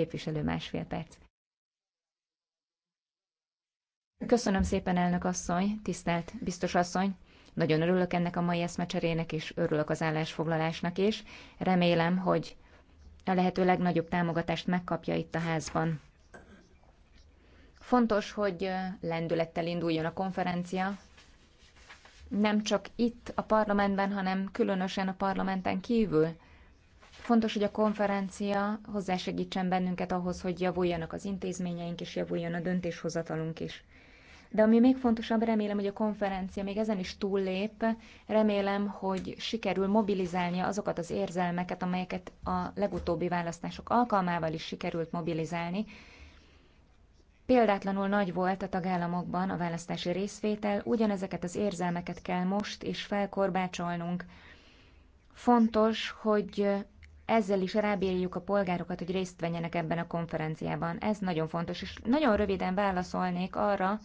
Képviselő másfél perc. Köszönöm szépen, elnök asszony, tisztelt biztos asszony. Nagyon örülök ennek a mai eszmecserének, és örülök az állásfoglalásnak is. Remélem, hogy a lehető legnagyobb támogatást megkapja itt a házban. Fontos, hogy lendülettel induljon a konferencia, nem csak itt a parlamentben, hanem különösen a parlamenten kívül. Fontos, hogy a konferencia hozzásegítsen bennünket ahhoz, hogy javuljanak az intézményeink, és javuljon a döntéshozatalunk is. De ami még fontosabb, remélem, hogy a konferencia még ezen is túllép, remélem, hogy sikerül mobilizálnia azokat az érzelmeket, amelyeket a legutóbbi választások alkalmával is sikerült mobilizálni. Példátlanul nagy volt a tagállamokban a választási részvétel, ugyanezeket az érzelmeket kell most is felkorbácsolnunk. Fontos, hogy ezzel is rábírjuk a polgárokat, hogy részt venjenek ebben a konferenciában. Ez nagyon fontos, és nagyon röviden válaszolnék arra,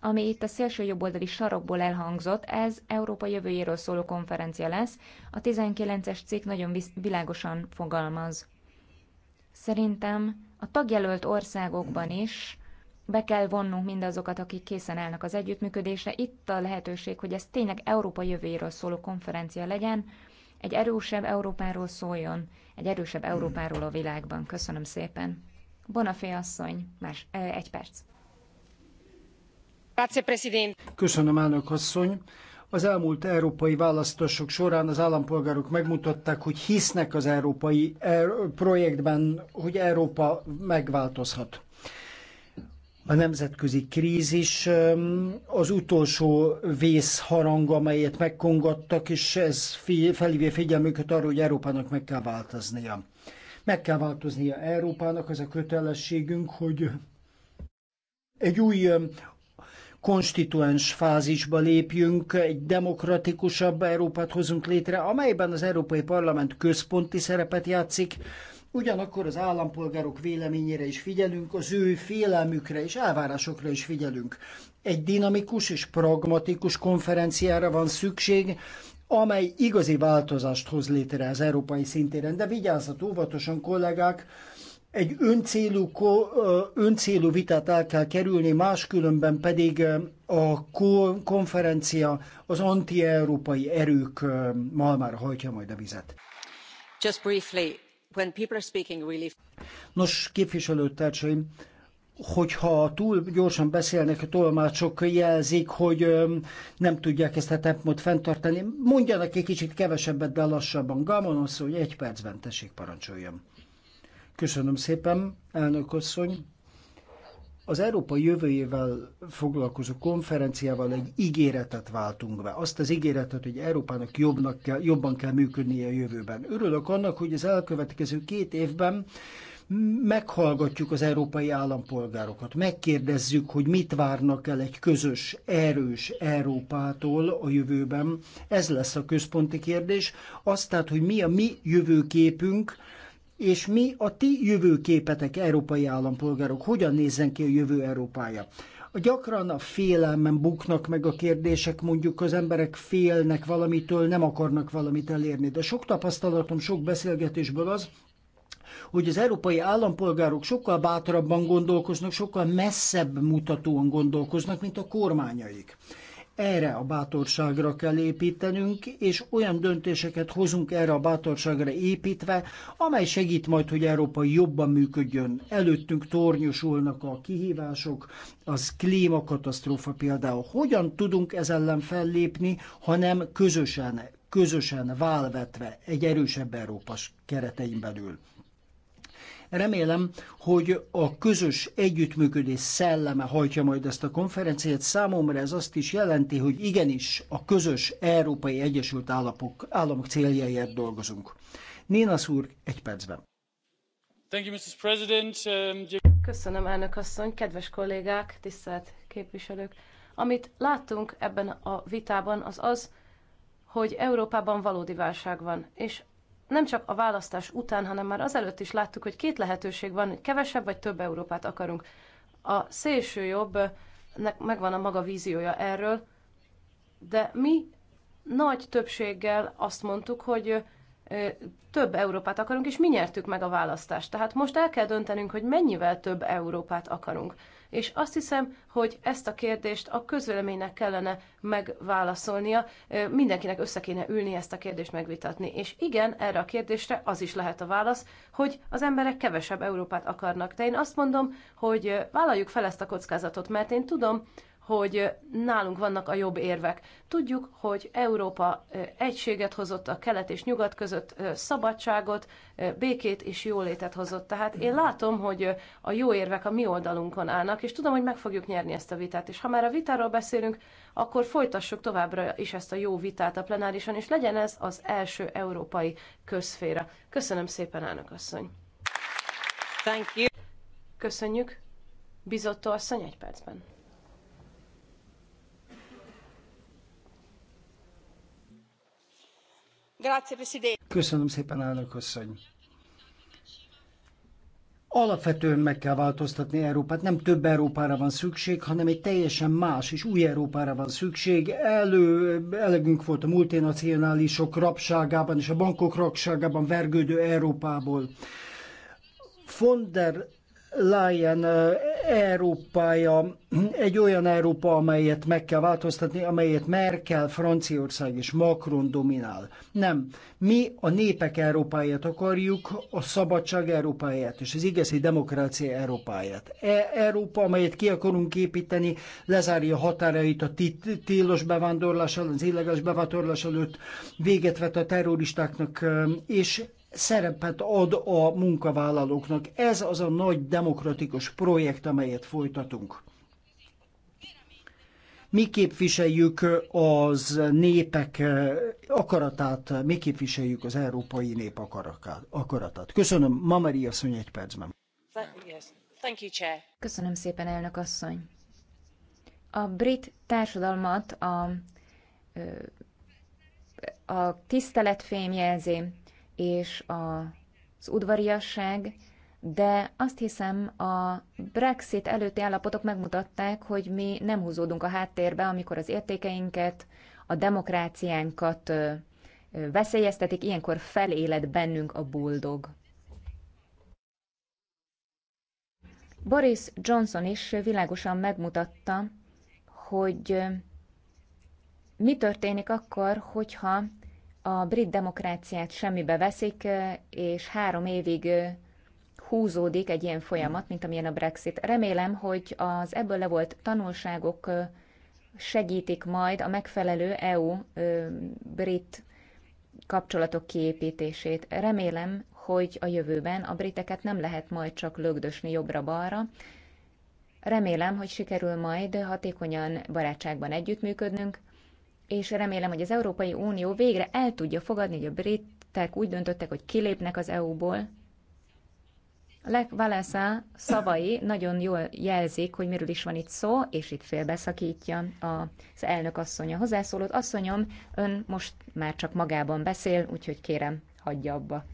ami itt a szélső jobboldali sarokból elhangzott, ez Európa jövőjéről szóló konferencia lesz. A 19-es cikk nagyon világosan fogalmaz. Szerintem a tagjelölt országokban is be kell vonnunk mindazokat, akik készen állnak az együttműködésre. Itt a lehetőség, hogy ez tényleg Európa jövőjéről szóló konferencia legyen, egy erősebb Európáról szóljon, egy erősebb Európáról a világban. Köszönöm szépen. Bonafé asszony, más, egy perc. Köszönöm, elnök asszony. Az elmúlt európai választások során az állampolgárok megmutatták, hogy hisznek az európai er, projektben, hogy Európa megváltozhat a nemzetközi krízis az utolsó vészharang, amelyet megkongattak, és ez felhívja figyelmüket arra, hogy Európának meg kell változnia. Meg kell változnia Európának, az a kötelességünk, hogy egy új konstituens fázisba lépjünk, egy demokratikusabb Európát hozunk létre, amelyben az Európai Parlament központi szerepet játszik, Ugyanakkor az állampolgárok véleményére is figyelünk, az ő félelmükre és elvárásokra is figyelünk. Egy dinamikus és pragmatikus konferenciára van szükség, amely igazi változást hoz létre az európai szintéren. De vigyázzat óvatosan, kollégák, egy öncélú, öncélú vitát el kell kerülni, máskülönben pedig a konferencia az anti-európai erők malmára hajtja majd a vizet. Just briefly, Nos, képviselőtársaim, hogyha túl gyorsan beszélnek, a tolmácsok jelzik, hogy nem tudják ezt a tempót fenntartani. Mondjanak egy kicsit kevesebbet, de lassabban. Gamon hogy egy percben tessék parancsoljam. Köszönöm szépen, elnök asszony. Az Európa jövőjével foglalkozó konferenciával egy ígéretet váltunk be. Azt az ígéretet, hogy Európának jobbnak kell, jobban kell működnie a jövőben. Örülök annak, hogy az elkövetkező két évben meghallgatjuk az európai állampolgárokat, megkérdezzük, hogy mit várnak el egy közös, erős Európától a jövőben. Ez lesz a központi kérdés. Azt tehát, hogy mi a mi jövőképünk, és mi a ti jövőképetek, európai állampolgárok, hogyan nézzen ki a jövő Európája. A gyakran a félelmen buknak meg a kérdések, mondjuk az emberek félnek valamitől, nem akarnak valamit elérni. De sok tapasztalatom, sok beszélgetésből az, hogy az európai állampolgárok sokkal bátrabban gondolkoznak, sokkal messzebb mutatóan gondolkoznak, mint a kormányaik. Erre a bátorságra kell építenünk, és olyan döntéseket hozunk erre a bátorságra építve, amely segít majd, hogy Európa jobban működjön. Előttünk tornyosulnak a kihívások, az klímakatasztrófa például. Hogyan tudunk ez ellen fellépni, hanem közösen, közösen válvetve egy erősebb Európa keretein belül. Remélem, hogy a közös együttműködés szelleme hajtja majd ezt a konferenciát. Számomra ez azt is jelenti, hogy igenis a közös Európai Egyesült Államok, államok céljáért dolgozunk. Nénasz úr, egy percben. Um, Köszönöm, elnök asszony, kedves kollégák, tisztelt képviselők. Amit láttunk ebben a vitában, az az, hogy Európában valódi válság van, és nem csak a választás után, hanem már azelőtt is láttuk, hogy két lehetőség van, hogy kevesebb vagy több Európát akarunk. A szélső jobb megvan a maga víziója erről, de mi nagy többséggel azt mondtuk, hogy több Európát akarunk, és mi nyertük meg a választást. Tehát most el kell döntenünk, hogy mennyivel több Európát akarunk. És azt hiszem, hogy ezt a kérdést a közvéleménynek kellene megválaszolnia, mindenkinek össze kéne ülni ezt a kérdést megvitatni. És igen, erre a kérdésre az is lehet a válasz, hogy az emberek kevesebb Európát akarnak. De én azt mondom, hogy vállaljuk fel ezt a kockázatot, mert én tudom, hogy nálunk vannak a jobb érvek. Tudjuk, hogy Európa egységet hozott a kelet és nyugat között, szabadságot, békét és jólétet hozott. Tehát én látom, hogy a jó érvek a mi oldalunkon állnak, és tudom, hogy meg fogjuk nyerni ezt a vitát. És ha már a vitáról beszélünk, akkor folytassuk továbbra is ezt a jó vitát a plenárison, és legyen ez az első európai közféra. Köszönöm szépen, elnök asszony! Thank you. Köszönjük. Bizotto asszony egy percben. Köszönöm szépen, elnök asszony. Alapvetően meg kell változtatni Európát. Nem több Európára van szükség, hanem egy teljesen más és új Európára van szükség. Elő, elegünk volt a multinacionálisok rabságában és a bankok rabságában vergődő Európából. Von der Lion Európája egy olyan Európa, amelyet meg kell változtatni, amelyet Merkel, Franciaország és Macron dominál. Nem. Mi a népek Európáját akarjuk, a szabadság Európáját és az igazi demokrácia Európáját. E Európa, amelyet ki akarunk építeni, lezárja határait a tilos bevándorlás előtt, az illegális bevándorlás előtt, véget vet a terroristáknak, és szerepet ad a munkavállalóknak. Ez az a nagy demokratikus projekt, amelyet folytatunk. Mi képviseljük az népek akaratát, mi képviseljük az európai nép akaratát. Köszönöm, Mamari asszony egy percben. Köszönöm szépen, elnök asszony. A brit társadalmat a, a tiszteletfém jelzi, és a az udvariasság, de azt hiszem a Brexit előtti állapotok megmutatták, hogy mi nem húzódunk a háttérbe, amikor az értékeinket, a demokráciánkat veszélyeztetik, ilyenkor feléled bennünk a buldog. Boris Johnson is világosan megmutatta, hogy mi történik akkor, hogyha a brit demokráciát semmibe veszik, és három évig húzódik egy ilyen folyamat, mint amilyen a Brexit. Remélem, hogy az ebből levolt tanulságok segítik majd a megfelelő EU-brit kapcsolatok kiépítését. Remélem, hogy a jövőben a briteket nem lehet majd csak lögdösni jobbra-balra. Remélem, hogy sikerül majd hatékonyan barátságban együttműködnünk, és remélem, hogy az Európai Unió végre el tudja fogadni, hogy a britek úgy döntöttek, hogy kilépnek az EU-ból. Lech Walesa szavai nagyon jól jelzik, hogy miről is van itt szó, és itt félbeszakítja az elnök asszony a hozzászólót. Asszonyom, ön most már csak magában beszél, úgyhogy kérem, hagyja abba.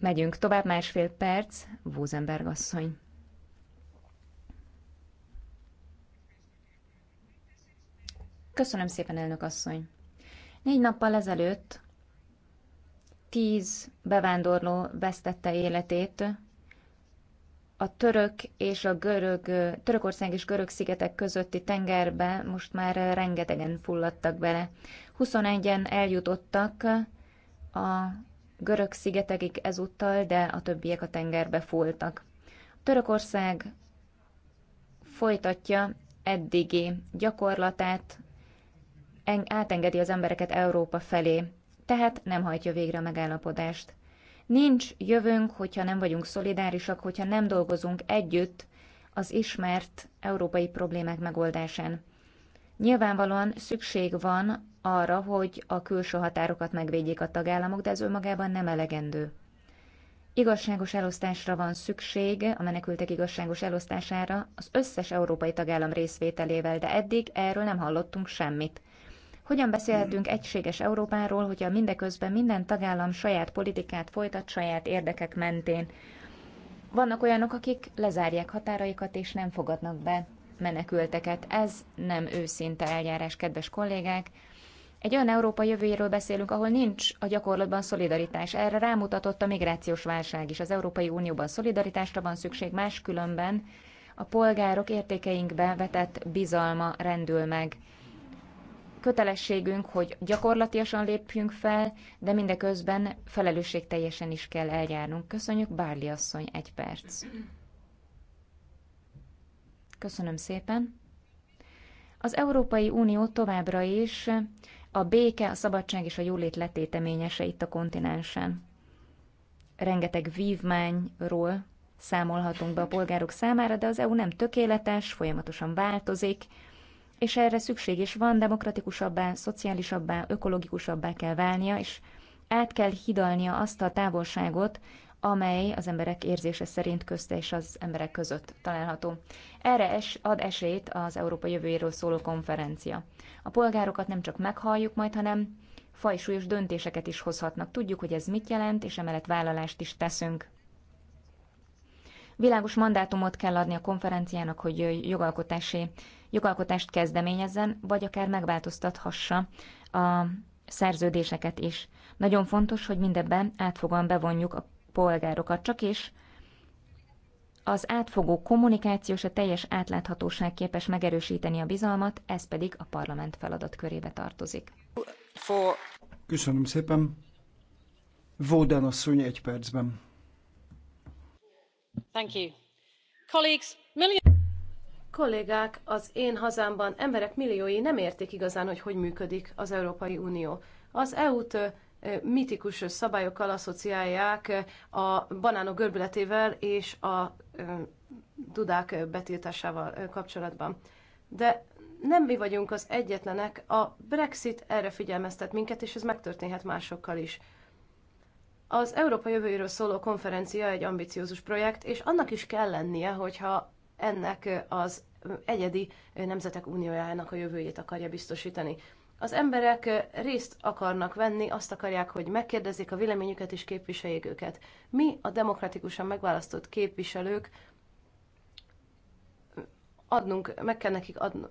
Megyünk tovább másfél perc, Wózenberg asszony. Köszönöm szépen, elnök asszony. Négy nappal ezelőtt tíz bevándorló vesztette életét a török és a görög, Törökország és görög szigetek közötti tengerbe most már rengetegen fulladtak bele. 21-en eljutottak a görög szigetekig ezúttal, de a többiek a tengerbe fúltak. Törökország folytatja eddigi gyakorlatát, átengedi az embereket Európa felé, tehát nem hajtja végre a megállapodást. Nincs jövőnk, hogyha nem vagyunk szolidárisak, hogyha nem dolgozunk együtt az ismert európai problémák megoldásán. Nyilvánvalóan szükség van arra, hogy a külső határokat megvédjék a tagállamok, de ez önmagában nem elegendő. Igazságos elosztásra van szükség, a menekültek igazságos elosztására az összes európai tagállam részvételével, de eddig erről nem hallottunk semmit. Hogyan beszélhetünk egységes Európáról, hogyha mindeközben minden tagállam saját politikát folytat saját érdekek mentén? Vannak olyanok, akik lezárják határaikat és nem fogadnak be menekülteket. Ez nem őszinte eljárás, kedves kollégák. Egy olyan Európa jövőjéről beszélünk, ahol nincs a gyakorlatban szolidaritás. Erre rámutatott a migrációs válság is. Az Európai Unióban szolidaritásra van szükség, máskülönben a polgárok értékeinkbe vetett bizalma rendül meg kötelességünk, hogy gyakorlatilag lépjünk fel, de mindeközben felelősségteljesen is kell eljárnunk. Köszönjük, Bárli asszony, egy perc. Köszönöm szépen. Az Európai Unió továbbra is a béke, a szabadság és a jólét letéteményese itt a kontinensen. Rengeteg vívmányról számolhatunk be a polgárok számára, de az EU nem tökéletes, folyamatosan változik, és erre szükség is van, demokratikusabbá, szociálisabbá, ökológikusabbá kell válnia, és át kell hidalnia azt a távolságot, amely az emberek érzése szerint közte és az emberek között található. Erre es, ad esélyt az Európa jövőjéről szóló konferencia. A polgárokat nem csak meghalljuk majd, hanem fajsúlyos döntéseket is hozhatnak. Tudjuk, hogy ez mit jelent, és emellett vállalást is teszünk. Világos mandátumot kell adni a konferenciának, hogy jogalkotási, jogalkotást kezdeményezzen, vagy akár megváltoztathassa a szerződéseket is. Nagyon fontos, hogy mindebben átfogóan bevonjuk a polgárokat, csak is az átfogó kommunikációs, a teljes átláthatóság képes megerősíteni a bizalmat, ez pedig a parlament feladat körébe tartozik. Köszönöm szépen. Vóden asszony egy percben. Kollégák, az én hazámban emberek milliói nem értik igazán, hogy hogy működik az Európai Unió. Az EU-t mitikus szabályokkal asszociálják a banánok görbületével és a dudák betiltásával kapcsolatban. De nem mi vagyunk az egyetlenek, a Brexit erre figyelmeztet minket, és ez megtörténhet másokkal is. Az Európa jövőjéről szóló konferencia egy ambiciózus projekt, és annak is kell lennie, hogyha ennek az egyedi nemzetek uniójának a jövőjét akarja biztosítani. Az emberek részt akarnak venni, azt akarják, hogy megkérdezzék a véleményüket és képviseljék őket. Mi, a demokratikusan megválasztott képviselők, adnunk, meg kell nekik adnunk,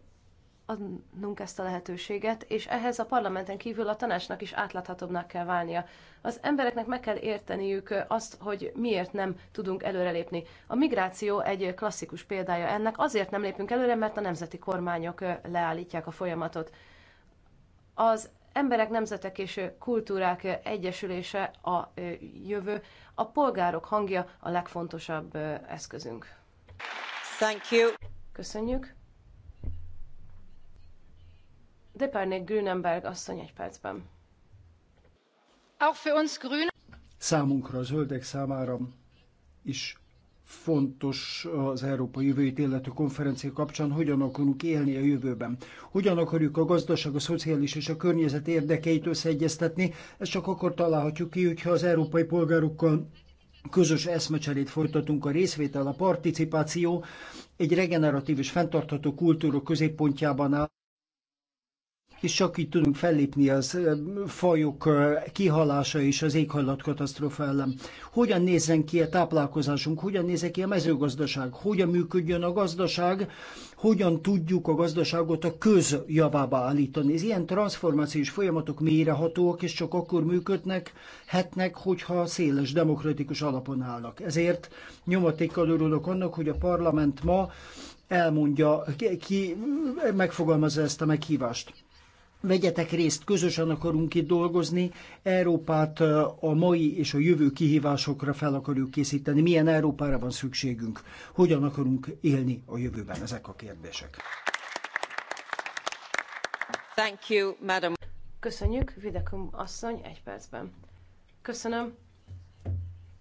adnunk ezt a lehetőséget, és ehhez a parlamenten kívül a tanácsnak is átláthatóbbnak kell válnia. Az embereknek meg kell érteniük azt, hogy miért nem tudunk előrelépni. A migráció egy klasszikus példája ennek, azért nem lépünk előre, mert a nemzeti kormányok leállítják a folyamatot. Az emberek, nemzetek és kultúrák egyesülése a jövő, a polgárok hangja a legfontosabb eszközünk. Thank you. Köszönjük. Depárnék Grünenberg asszony egy percben. Auch für uns Grün. Számunkra, a zöldek számára is fontos az Európai Jövőjét illető konferencia kapcsán, hogyan akarunk élni a jövőben. Hogyan akarjuk a gazdaság, a szociális és a környezet érdekeit összeegyeztetni, ezt csak akkor találhatjuk ki, hogyha az európai polgárokkal közös eszmecserét folytatunk a részvétel, a participáció egy regeneratív és fenntartható kultúra középpontjában áll és csak így tudunk fellépni az fajok kihalása és az éghajlatkatasztrófa ellen. Hogyan nézzen ki a táplálkozásunk, hogyan nézzen ki a mezőgazdaság, hogyan működjön a gazdaság, hogyan tudjuk a gazdaságot a közjavába állítani. Ez ilyen transformációs folyamatok mérehatóak, és csak akkor működnek, hetnek, hogyha széles demokratikus alapon állnak. Ezért nyomatékkal örülök annak, hogy a parlament ma elmondja, ki megfogalmazza ezt a meghívást. Vegyetek részt, közösen akarunk itt dolgozni, Európát a mai és a jövő kihívásokra fel akarjuk készíteni. Milyen Európára van szükségünk? Hogyan akarunk élni a jövőben? Ezek a kérdések. Thank you, madam. Köszönjük, Videkum asszony, egy percben. Köszönöm.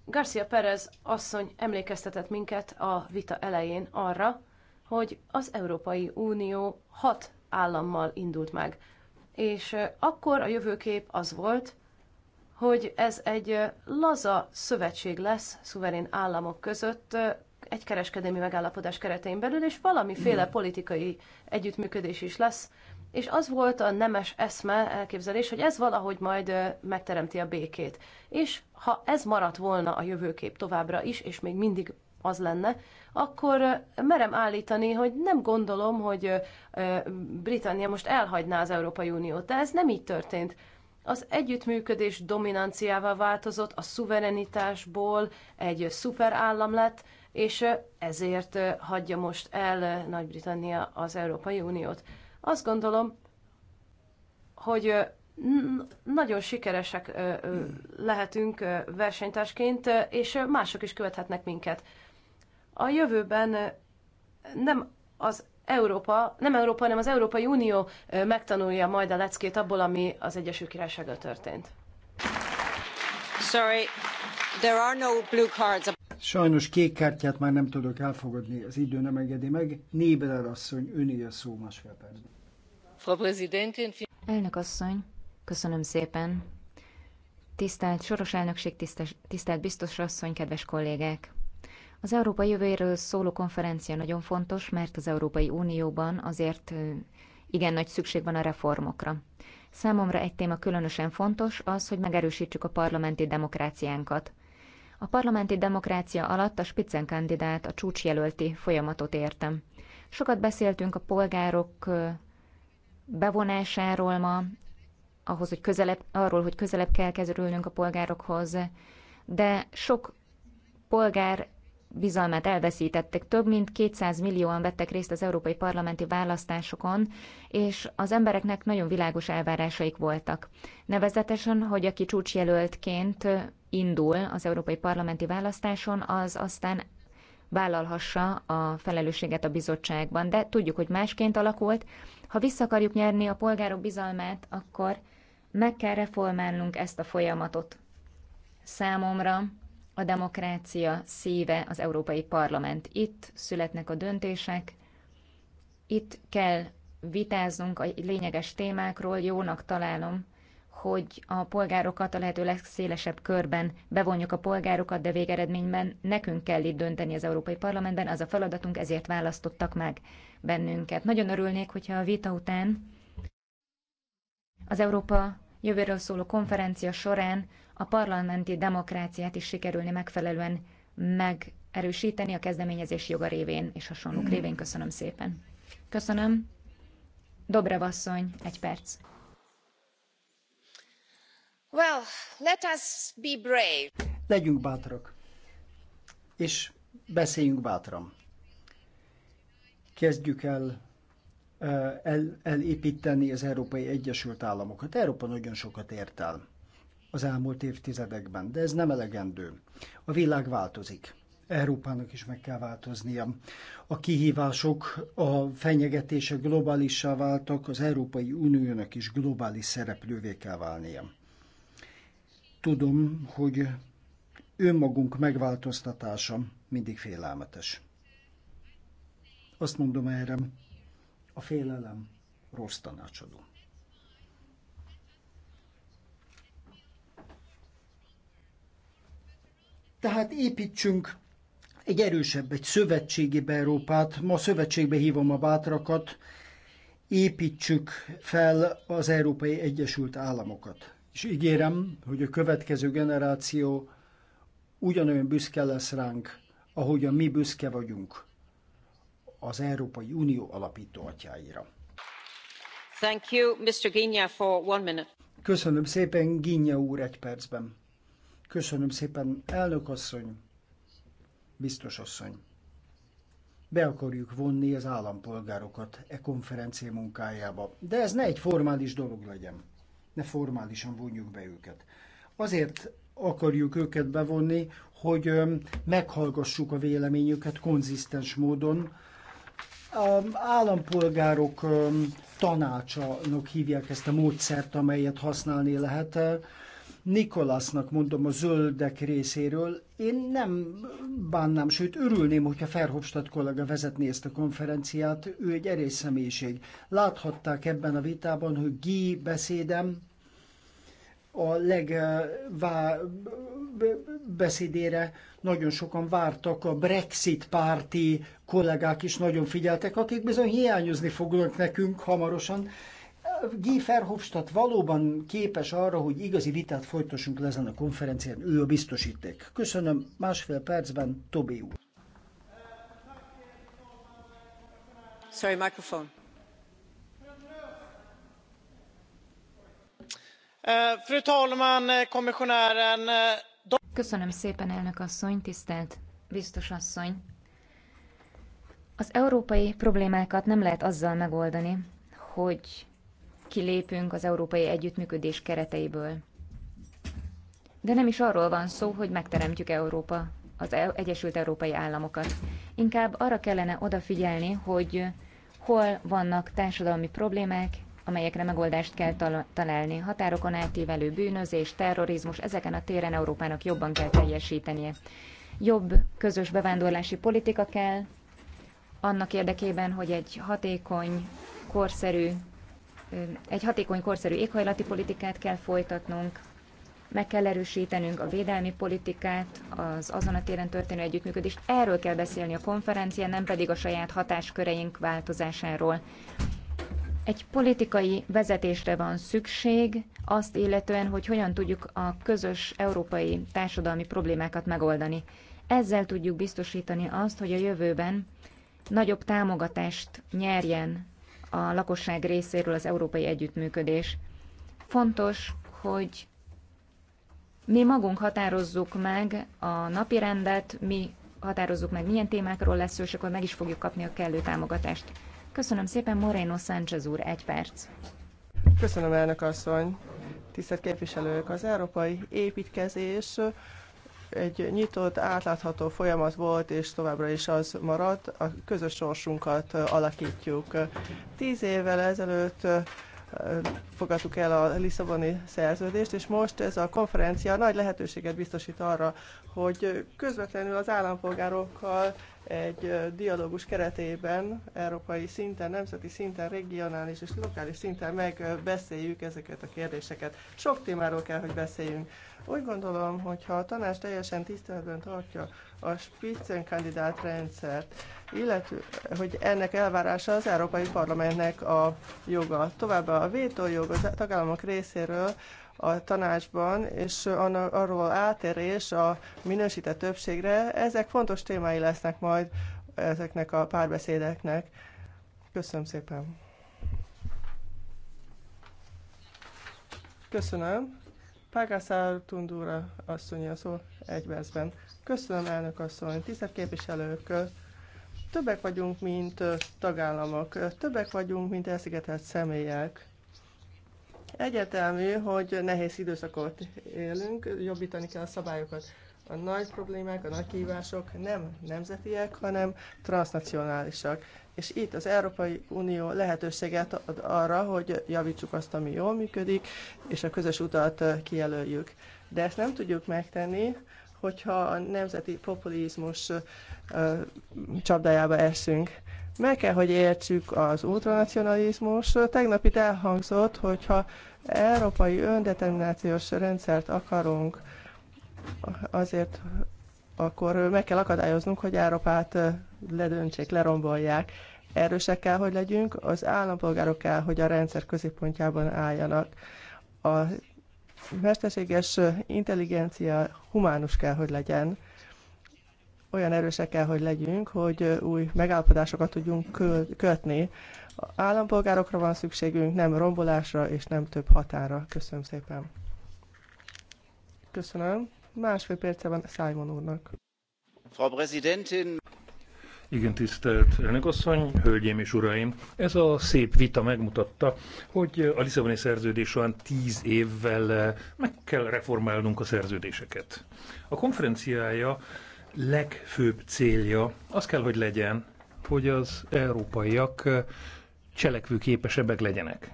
Garcia Perez asszony emlékeztetett minket a vita elején arra, hogy az Európai Unió hat állammal indult meg és akkor a jövőkép az volt, hogy ez egy laza szövetség lesz szuverén államok között, egy kereskedelmi megállapodás keretein belül, és valamiféle hmm. politikai együttműködés is lesz. És az volt a nemes eszme elképzelés, hogy ez valahogy majd megteremti a békét. És ha ez maradt volna a jövőkép továbbra is, és még mindig az lenne, akkor merem állítani, hogy nem gondolom, hogy Britannia most elhagyná az Európai Uniót, de ez nem így történt. Az együttműködés dominanciával változott, a szuverenitásból egy szuperállam lett, és ezért hagyja most el Nagy-Britannia az Európai Uniót. Azt gondolom, hogy nagyon sikeresek lehetünk versenytársként, és mások is követhetnek minket a jövőben nem az Európa, nem Európa, hanem az Európai Unió megtanulja majd a leckét abból, ami az Egyesült Királysággal történt. Sorry, there are no blue cards. Sajnos kék kártyát már nem tudok elfogadni, az idő nem engedi meg. Néber asszony, öné a szó másfél percben. Elnök asszony, köszönöm szépen. Tisztelt Soros elnökség, tisztelt biztos asszony, kedves kollégák! Az Európa jövőről szóló konferencia nagyon fontos, mert az Európai Unióban azért igen nagy szükség van a reformokra. Számomra egy téma különösen fontos, az, hogy megerősítsük a parlamenti demokráciánkat. A parlamenti demokrácia alatt a spitzenkandidát, a csúcsjelölti folyamatot értem. Sokat beszéltünk a polgárok bevonásáról ma, ahhoz, hogy közelebb, arról, hogy közelebb kell kerülnünk a polgárokhoz, de sok polgár bizalmát elveszítettek. Több mint 200 millióan vettek részt az európai parlamenti választásokon, és az embereknek nagyon világos elvárásaik voltak. Nevezetesen, hogy aki csúcsjelöltként indul az európai parlamenti választáson, az aztán vállalhassa a felelősséget a bizottságban. De tudjuk, hogy másként alakult. Ha vissza akarjuk nyerni a polgárok bizalmát, akkor meg kell reformálnunk ezt a folyamatot. Számomra a demokrácia szíve az Európai Parlament. Itt születnek a döntések, itt kell vitáznunk a lényeges témákról, jónak találom, hogy a polgárokat a lehető legszélesebb körben bevonjuk a polgárokat, de végeredményben nekünk kell itt dönteni az Európai Parlamentben, az a feladatunk, ezért választottak meg bennünket. Nagyon örülnék, hogyha a vita után az Európa jövőről szóló konferencia során a parlamenti demokráciát is sikerülni megfelelően megerősíteni a kezdeményezés joga révén és hasonlók révén. Köszönöm szépen. Köszönöm. Dobre vasszony, egy perc. Well, let us be brave. Legyünk bátrak, és beszéljünk bátran. Kezdjük el el, elépíteni az Európai Egyesült Államokat. Európa nagyon sokat ért el az elmúlt évtizedekben, de ez nem elegendő. A világ változik. Európának is meg kell változnia. A kihívások, a fenyegetések globálissá váltak, az Európai Uniónak is globális szereplővé kell válnia. Tudom, hogy önmagunk megváltoztatása mindig félelmetes. Azt mondom erre, a félelem rossz tanácsadó. Tehát építsünk egy erősebb, egy szövetségi Európát. Ma szövetségbe hívom a bátrakat, építsük fel az Európai Egyesült Államokat. És ígérem, hogy a következő generáció ugyanolyan büszke lesz ránk, ahogy a mi büszke vagyunk az Európai Unió alapító atyáira. Thank you, Mr. Ginja, for one minute. Köszönöm szépen, Ginya úr, egy percben. Köszönöm szépen, elnök asszony, biztos asszony. Be akarjuk vonni az állampolgárokat e konferencia munkájába, de ez ne egy formális dolog legyen. Ne formálisan vonjuk be őket. Azért akarjuk őket bevonni, hogy meghallgassuk a véleményüket konzisztens módon. A állampolgárok tanácsának hívják ezt a módszert, amelyet használni lehet Nikolásznak mondom a zöldek részéről, én nem bánnám, sőt örülném, hogyha Ferhofstadt kollega vezetné ezt a konferenciát, ő egy erős személyiség. Láthatták ebben a vitában, hogy Gi beszédem a legbeszédére nagyon sokan vártak, a Brexit párti kollégák is nagyon figyeltek, akik bizony hiányozni fognak nekünk hamarosan, Guy Verhofstadt valóban képes arra, hogy igazi vitát folytassunk le ezen a konferencián, ő a biztosíték. Köszönöm, másfél percben Tobi úr. Sorry, microphone. Eh, fru talman, eh, kommissionären. Eh, Köszönöm szépen, elnök asszony, tisztelt biztos asszony. Az európai problémákat nem lehet azzal megoldani, hogy kilépünk az európai együttműködés kereteiből. De nem is arról van szó, hogy megteremtjük Európa, az e- Egyesült Európai Államokat. Inkább arra kellene odafigyelni, hogy hol vannak társadalmi problémák, amelyekre megoldást kell találni. Határokon átívelő bűnözés, terrorizmus, ezeken a téren Európának jobban kell teljesítenie. Jobb közös bevándorlási politika kell, annak érdekében, hogy egy hatékony, korszerű egy hatékony korszerű éghajlati politikát kell folytatnunk, meg kell erősítenünk a védelmi politikát, az azon a téren történő együttműködést. Erről kell beszélni a konferencián, nem pedig a saját hatásköreink változásáról. Egy politikai vezetésre van szükség, azt illetően, hogy hogyan tudjuk a közös európai társadalmi problémákat megoldani. Ezzel tudjuk biztosítani azt, hogy a jövőben nagyobb támogatást nyerjen a lakosság részéről az európai együttműködés. Fontos, hogy mi magunk határozzuk meg a napirendet, mi határozzuk meg, milyen témákról lesz szó, és akkor meg is fogjuk kapni a kellő támogatást. Köszönöm szépen, Moreno Sánchez úr, egy perc. Köszönöm, elnök asszony. Tisztelt képviselők, az európai építkezés egy nyitott, átlátható folyamat volt, és továbbra is az maradt, a közös sorsunkat alakítjuk. Tíz évvel ezelőtt fogadtuk el a Lisszaboni szerződést, és most ez a konferencia nagy lehetőséget biztosít arra, hogy közvetlenül az állampolgárokkal egy dialógus keretében, európai szinten, nemzeti szinten, regionális és lokális szinten megbeszéljük ezeket a kérdéseket. Sok témáról kell, hogy beszéljünk. Úgy gondolom, hogy ha a tanács teljesen tiszteletben tartja a Spitzenkandidát rendszert, illetve hogy ennek elvárása az Európai Parlamentnek a joga. Továbbá a vétójog a tagállamok részéről a tanácsban, és arról átérés a minősített többségre, ezek fontos témái lesznek majd ezeknek a párbeszédeknek. Köszönöm szépen! Köszönöm! Págászár Tundúra asszony a szó egy percben. Köszönöm, elnök asszony, tisztelt képviselők! Többek vagyunk, mint tagállamok, többek vagyunk, mint elszigetelt személyek. Egyetelmű, hogy nehéz időszakot élünk, jobbítani kell a szabályokat. A nagy problémák, a nagy kihívások nem nemzetiek, hanem transnacionálisak. És itt az Európai Unió lehetőséget ad arra, hogy javítsuk azt, ami jól működik, és a közös utat kijelöljük. De ezt nem tudjuk megtenni, hogyha a nemzeti populizmus csapdájába esünk. Meg kell, hogy értsük az ultranacionalizmus. Tegnap itt elhangzott, hogyha európai öndeterminációs rendszert akarunk, azért akkor meg kell akadályoznunk, hogy Európát ledöntsék, lerombolják. Erősek kell, hogy legyünk, az állampolgárok kell, hogy a rendszer középpontjában álljanak. A mesterséges intelligencia humánus kell, hogy legyen. Olyan erősek kell, hogy legyünk, hogy új megállapodásokat tudjunk kötni. Állampolgárokra van szükségünk, nem rombolásra és nem több határa. Köszönöm szépen. Köszönöm. Másfél perce van Simon úrnak. Frau Präsidentin! Igen, tisztelt elnökasszony, hölgyeim és uraim! Ez a szép vita megmutatta, hogy a Lisszaboni szerződés során tíz évvel eh, meg kell reformálnunk a szerződéseket. A konferenciája legfőbb célja az kell, hogy legyen, hogy az európaiak eh, cselekvőképesebbek legyenek.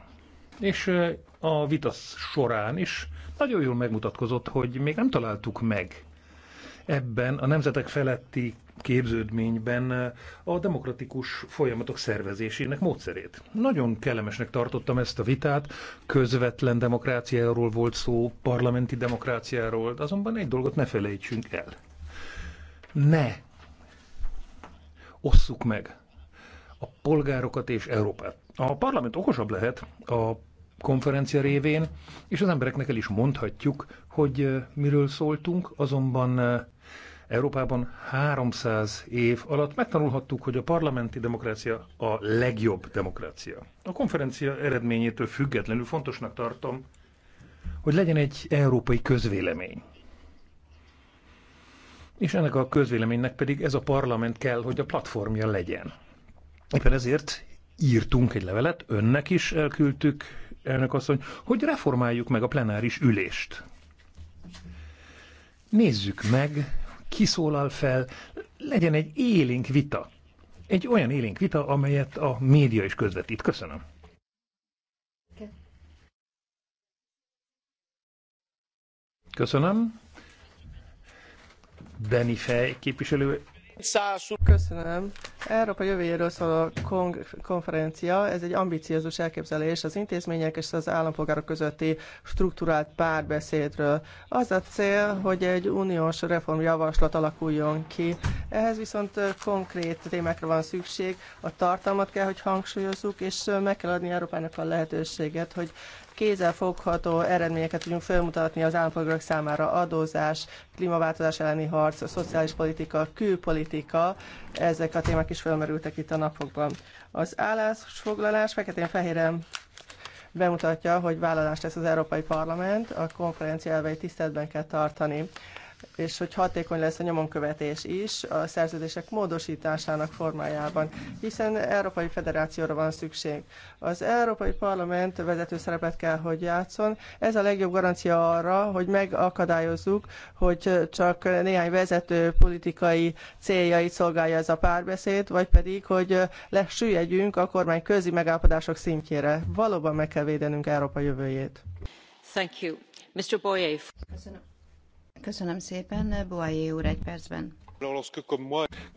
És eh, a vita során is nagyon jól megmutatkozott, hogy még nem találtuk meg ebben a nemzetek feletti képződményben a demokratikus folyamatok szervezésének módszerét. Nagyon kellemesnek tartottam ezt a vitát, közvetlen demokráciáról volt szó, parlamenti demokráciáról, azonban egy dolgot ne felejtsünk el. Ne osszuk meg a polgárokat és Európát. A parlament okosabb lehet, a konferencia révén, és az embereknek el is mondhatjuk, hogy miről szóltunk, azonban Európában 300 év alatt megtanulhattuk, hogy a parlamenti demokrácia a legjobb demokrácia. A konferencia eredményétől függetlenül fontosnak tartom, hogy legyen egy európai közvélemény. És ennek a közvéleménynek pedig ez a parlament kell, hogy a platformja legyen. Éppen ezért írtunk egy levelet, önnek is elküldtük, elnök asszony, hogy reformáljuk meg a plenáris ülést. Nézzük meg, kiszólal fel, legyen egy élénk vita. Egy olyan élénk vita, amelyet a média is közvetít. Köszönöm. Köszönöm. Fej képviselő Köszönöm. Európa jövőjéről szóló konferencia, ez egy ambiciózus elképzelés az intézmények és az állampolgárok közötti strukturált párbeszédről. Az a cél, hogy egy uniós reformjavaslat alakuljon ki. Ehhez viszont konkrét témákra van szükség, a tartalmat kell, hogy hangsúlyozzuk, és meg kell adni Európának a lehetőséget, hogy kézzelfogható eredményeket tudjunk felmutatni az állampolgárok számára adózás, klímaváltozás elleni harc, szociális politika, külpolitika, ezek a témák is felmerültek itt a napokban. Az állásfoglalás feketén-fehéren bemutatja, hogy vállalást tesz az Európai Parlament, a konferencia elveit tiszteletben kell tartani és hogy hatékony lesz a nyomonkövetés is a szerződések módosításának formájában, hiszen Európai Federációra van szükség. Az Európai Parlament vezető szerepet kell, hogy játszon. Ez a legjobb garancia arra, hogy megakadályozzuk, hogy csak néhány vezető politikai céljait szolgálja ez a párbeszéd, vagy pedig, hogy lesüllyedjünk a kormány közi megállapodások szintjére. Valóban meg kell védenünk Európa jövőjét. Thank you. Mr. Boyer. Köszönöm. Köszönöm szépen, Boájé úr egy percben.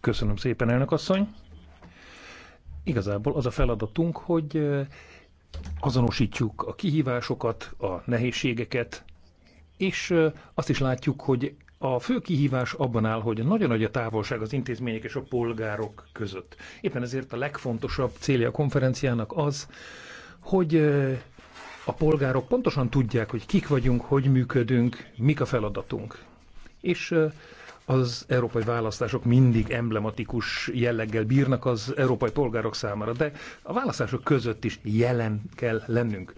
Köszönöm szépen, elnök asszony. Igazából az a feladatunk, hogy azonosítjuk a kihívásokat, a nehézségeket, és azt is látjuk, hogy a fő kihívás abban áll, hogy nagyon nagy a távolság az intézmények és a polgárok között. Éppen ezért a legfontosabb célja a konferenciának az, hogy a polgárok pontosan tudják, hogy kik vagyunk, hogy működünk, mik a feladatunk. És az európai választások mindig emblematikus jelleggel bírnak az európai polgárok számára, de a választások között is jelen kell lennünk.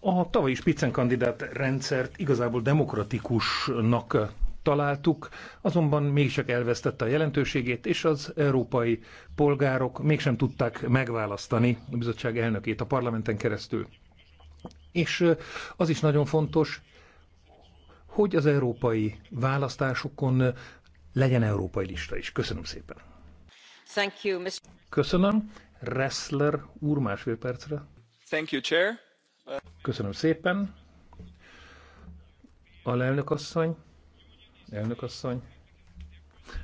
A tavalyi spitzenkandidát rendszert igazából demokratikusnak találtuk, azonban mégsem elvesztette a jelentőségét, és az európai polgárok mégsem tudták megválasztani a bizottság elnökét a parlamenten keresztül. És az is nagyon fontos, hogy az európai választásokon legyen európai lista is. Köszönöm szépen. Thank you, Mr. Köszönöm. Ressler úr másfél percre. Thank you, Chair. Köszönöm szépen. A asszony, Elnökasszony.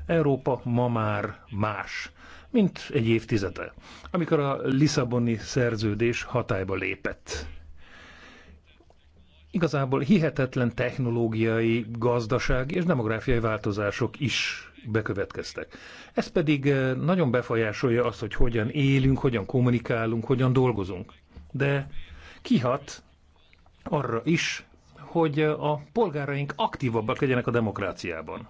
Európa ma már más, mint egy évtizede, amikor a Lisszaboni szerződés hatályba lépett. Igazából hihetetlen technológiai, gazdasági és demográfiai változások is bekövetkeztek. Ez pedig eh, nagyon befolyásolja azt, hogy hogyan élünk, hogyan kommunikálunk, hogyan dolgozunk. De kihat arra is, hogy eh, a polgáraink aktívabbak legyenek a demokráciában.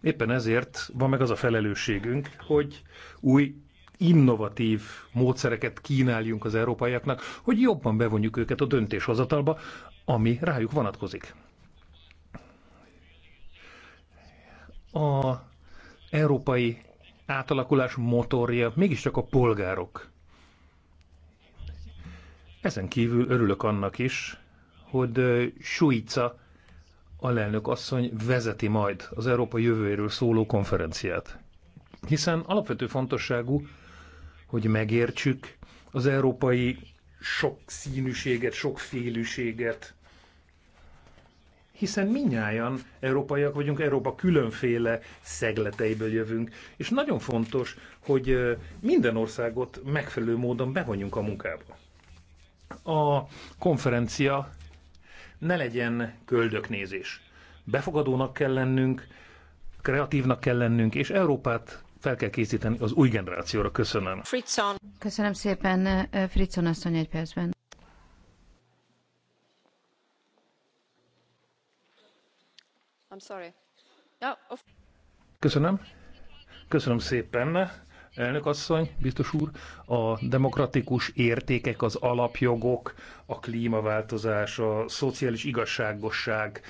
Éppen ezért van meg az a felelősségünk, hogy új innovatív módszereket kínáljunk az európaiaknak, hogy jobban bevonjuk őket a döntéshozatalba, ami rájuk vonatkozik. A európai átalakulás motorja mégiscsak a polgárok. Ezen kívül örülök annak is, hogy Suica alelnök asszony vezeti majd az Európa jövőjéről szóló konferenciát. Hiszen alapvető fontosságú, hogy megértsük az európai sok színűséget, sok félűséget. hiszen minnyáján európaiak vagyunk, Európa különféle szegleteiből jövünk, és nagyon fontos, hogy minden országot megfelelő módon bevonjunk a munkába. A konferencia ne legyen köldöknézés. Befogadónak kell lennünk, kreatívnak kell lennünk, és Európát fel kell készíteni az új generációra. Köszönöm. Fritzon. Köszönöm szépen, eh, Fritzon asszony egy percben. I'm sorry. No, of... Köszönöm. Köszönöm szépen, elnök asszony, biztos úr. A demokratikus értékek, az alapjogok, a klímaváltozás, a szociális igazságosság,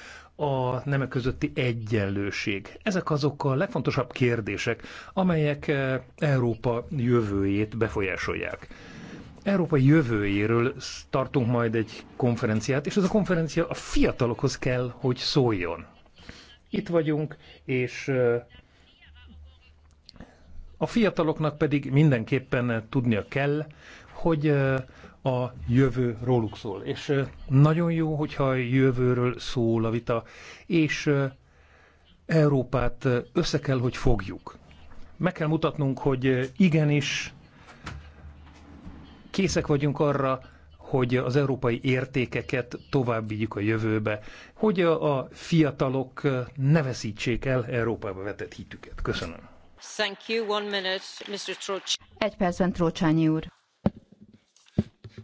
a nemek közötti egyenlőség. Ezek azok a legfontosabb kérdések, amelyek eh, Európa jövőjét befolyásolják. Európa jövőjéről tartunk majd egy konferenciát, és ez a konferencia a fiatalokhoz kell, hogy szóljon. Itt vagyunk, és eh, a fiataloknak pedig mindenképpen tudnia kell, hogy eh, a jövő róluk szól. És nagyon jó, hogyha a jövőről szól a vita, és Európát össze kell, hogy fogjuk. Meg kell mutatnunk, hogy igenis készek vagyunk arra, hogy az európai értékeket tovább vigyük a jövőbe, hogy a fiatalok ne veszítsék el Európába vetett hitüket. Köszönöm. Thank you. One minute, Mr. Egy percben Trócsányi úr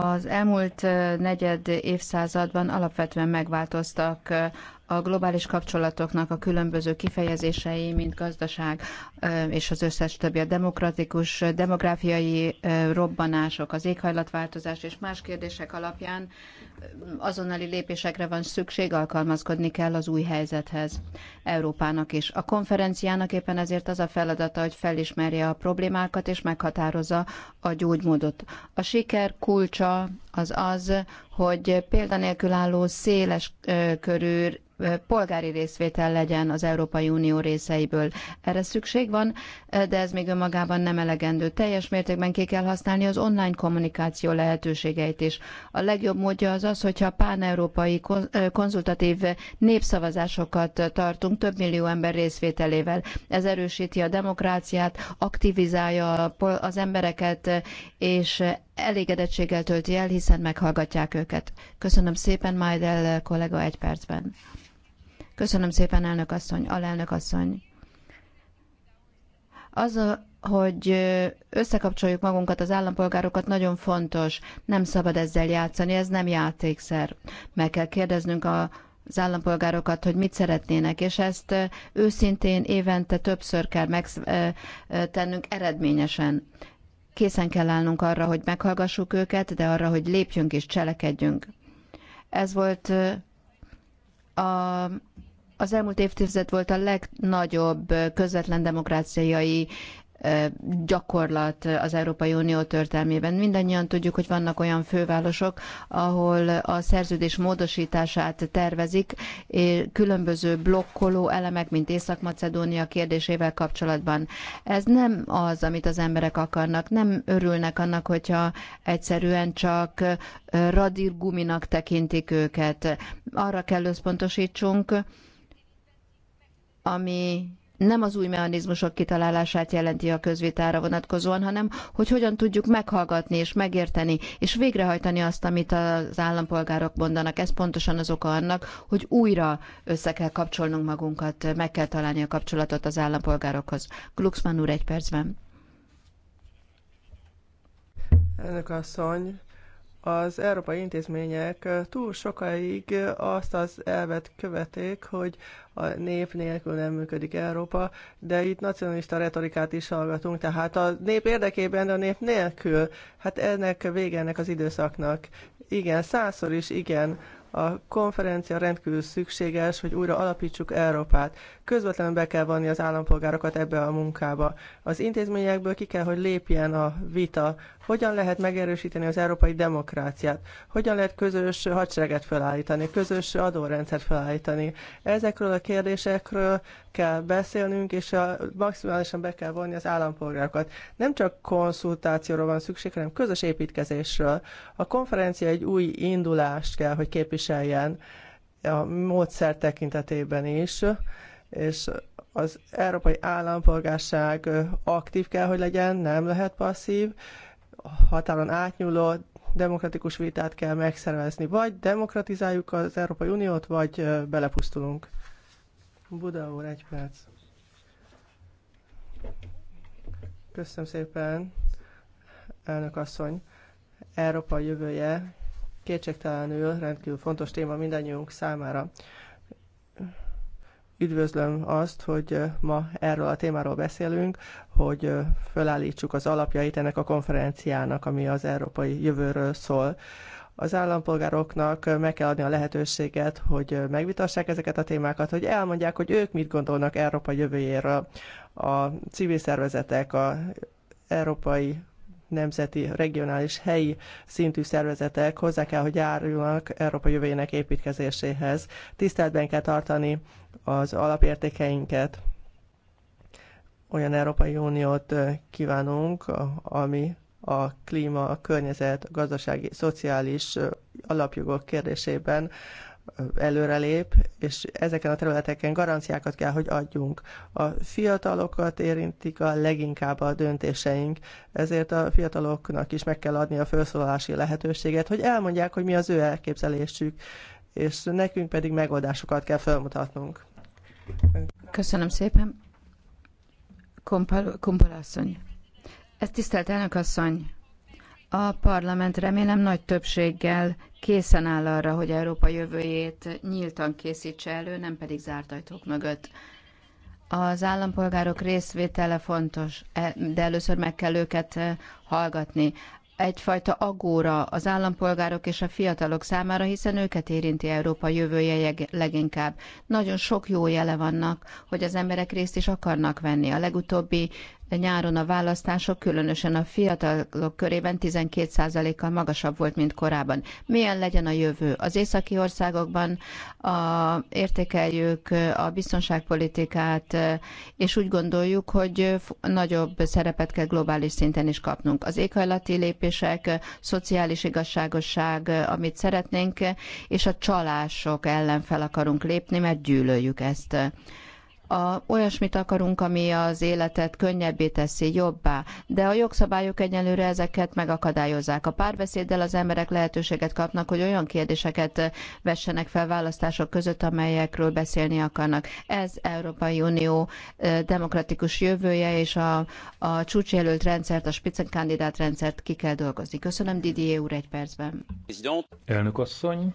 Az elmúlt negyed évszázadban alapvetően megváltoztak a globális kapcsolatoknak a különböző kifejezései, mint gazdaság és az összes többi a demokratikus, demográfiai robbanások, az éghajlatváltozás és más kérdések alapján azonnali lépésekre van szükség, alkalmazkodni kell az új helyzethez Európának is. A konferenciának éppen ezért az a feladata, hogy felismerje a problémákat és meghatározza a gyógymódot. A siker kulcsa az az, hogy példanélkül álló széles körű polgári részvétel legyen az Európai Unió részeiből. Erre szükség van, de ez még önmagában nem elegendő. Teljes mértékben ki kell használni az online kommunikáció lehetőségeit is. A legjobb módja az az, hogyha páneurópai konzultatív népszavazásokat tartunk több millió ember részvételével. Ez erősíti a demokráciát, aktivizálja az embereket, és elégedettséggel tölti el, hiszen meghallgatják őket. Köszönöm szépen, Majdel kollega egy percben. Köszönöm szépen, elnök asszony, alelnök asszony. Az, hogy összekapcsoljuk magunkat, az állampolgárokat nagyon fontos. Nem szabad ezzel játszani, ez nem játékszer. Meg kell kérdeznünk a az állampolgárokat, hogy mit szeretnének, és ezt őszintén évente többször kell megtennünk eredményesen. Készen kell állnunk arra, hogy meghallgassuk őket, de arra, hogy lépjünk és cselekedjünk. Ez volt a, az elmúlt évtized volt a legnagyobb közvetlen demokráciai gyakorlat az Európai Unió történelmében. Mindannyian tudjuk, hogy vannak olyan fővárosok, ahol a szerződés módosítását tervezik, és különböző blokkoló elemek, mint Észak-Macedónia kérdésével kapcsolatban. Ez nem az, amit az emberek akarnak. Nem örülnek annak, hogyha egyszerűen csak radírguminak tekintik őket. Arra kell összpontosítsunk, ami nem az új mechanizmusok kitalálását jelenti a közvitára vonatkozóan, hanem hogy hogyan tudjuk meghallgatni és megérteni, és végrehajtani azt, amit az állampolgárok mondanak. Ez pontosan az oka annak, hogy újra össze kell kapcsolnunk magunkat, meg kell találni a kapcsolatot az állampolgárokhoz. Glucksmann úr, egy percben. Elnök asszony, az európai intézmények túl sokáig azt az elvet követték, hogy a nép nélkül nem működik Európa, de itt nacionalista retorikát is hallgatunk, tehát a nép érdekében, de a nép nélkül, hát ennek vége ennek az időszaknak. Igen, százszor is igen, a konferencia rendkívül szükséges, hogy újra alapítsuk Európát. Közvetlenül be kell vonni az állampolgárokat ebbe a munkába. Az intézményekből ki kell, hogy lépjen a vita, hogyan lehet megerősíteni az európai demokráciát, hogyan lehet közös hadsereget felállítani, közös adórendszert felállítani. Ezekről a kérdésekről kell beszélnünk, és a, maximálisan be kell vonni az állampolgárokat. Nem csak konszultációra van szükség, hanem közös építkezésről. A konferencia egy új indulást kell, hogy képviseljen a módszer tekintetében is, és az európai állampolgárság aktív kell, hogy legyen, nem lehet passzív, határon átnyúló demokratikus vitát kell megszervezni. Vagy demokratizáljuk az Európai Uniót, vagy belepusztulunk. Buda úr, egy perc. Köszönöm szépen, elnök asszony. Európa jövője kétségtelenül rendkívül fontos téma mindannyiunk számára. Üdvözlöm azt, hogy ma erről a témáról beszélünk, hogy felállítsuk az alapjait ennek a konferenciának, ami az európai jövőről szól az állampolgároknak meg kell adni a lehetőséget, hogy megvitassák ezeket a témákat, hogy elmondják, hogy ők mit gondolnak Európa jövőjéről. A civil szervezetek, a európai nemzeti, regionális, helyi szintű szervezetek hozzá kell, hogy járulnak Európa jövőjének építkezéséhez. Tiszteltben kell tartani az alapértékeinket. Olyan Európai Uniót kívánunk, ami a klíma, a környezet, a gazdasági, szociális alapjogok kérdésében előrelép, és ezeken a területeken garanciákat kell, hogy adjunk. A fiatalokat érintik a leginkább a döntéseink, ezért a fiataloknak is meg kell adni a felszólalási lehetőséget, hogy elmondják, hogy mi az ő elképzelésük, és nekünk pedig megoldásokat kell felmutatnunk. Köszönöm szépen. Kompal, kompalasszony. Ezt tisztelt elnök asszony, a parlament remélem nagy többséggel készen áll arra, hogy Európa jövőjét nyíltan készítse elő, nem pedig zárt ajtók mögött. Az állampolgárok részvétele fontos, e, de először meg kell őket e, hallgatni. Egyfajta agóra az állampolgárok és a fiatalok számára, hiszen őket érinti Európa jövője leginkább. Nagyon sok jó jele vannak, hogy az emberek részt is akarnak venni. A legutóbbi nyáron a választások, különösen a fiatalok körében 12%-kal magasabb volt, mint korábban. Milyen legyen a jövő? Az északi országokban a, értékeljük a biztonságpolitikát, és úgy gondoljuk, hogy nagyobb szerepet kell globális szinten is kapnunk. Az éghajlati lépések, szociális igazságosság, amit szeretnénk, és a csalások ellen fel akarunk lépni, mert gyűlöljük ezt a, olyasmit akarunk, ami az életet könnyebbé teszi, jobbá, de a jogszabályok egyelőre ezeket megakadályozzák. A párbeszéddel az emberek lehetőséget kapnak, hogy olyan kérdéseket vessenek fel választások között, amelyekről beszélni akarnak. Ez Európai Unió demokratikus jövője, és a, a csúcsjelölt rendszert, a spitzenkandidát rendszert ki kell dolgozni. Köszönöm Didier úr egy percben. Elnök asszony,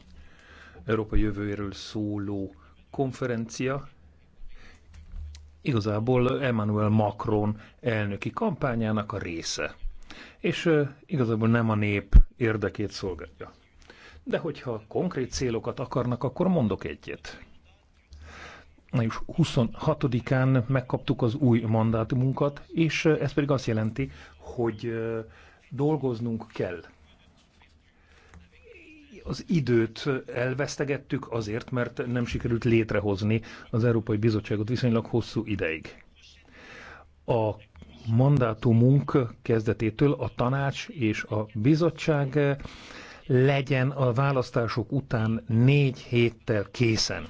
Európa jövőjéről szóló konferencia igazából Emmanuel Macron elnöki kampányának a része. És igazából nem a nép érdekét szolgálja. De hogyha konkrét célokat akarnak, akkor mondok egyet. Május 26-án megkaptuk az új mandátumunkat, és ez pedig azt jelenti, hogy dolgoznunk kell az időt elvesztegettük azért, mert nem sikerült létrehozni az Európai Bizottságot viszonylag hosszú ideig. A mandátumunk kezdetétől a tanács és a bizottság legyen a választások után négy héttel készen.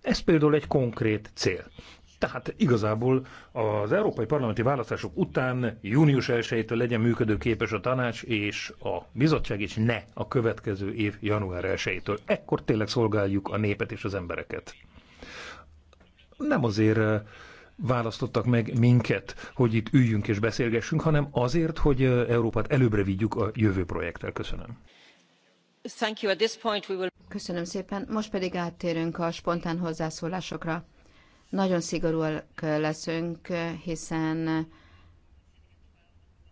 Ez például egy konkrét cél. Tehát igazából az európai parlamenti választások után június 1-től legyen működőképes a tanács és a bizottság, és ne a következő év január 1-től. Ekkor tényleg szolgáljuk a népet és az embereket. Nem azért eh, választottak meg minket, hogy itt üljünk és beszélgessünk, hanem azért, hogy eh, Európát előbbre vigyük a jövő projekttel. Köszönöm. Köszönöm szépen. Most pedig áttérünk a spontán hozzászólásokra. Nagyon szigorúak leszünk, hiszen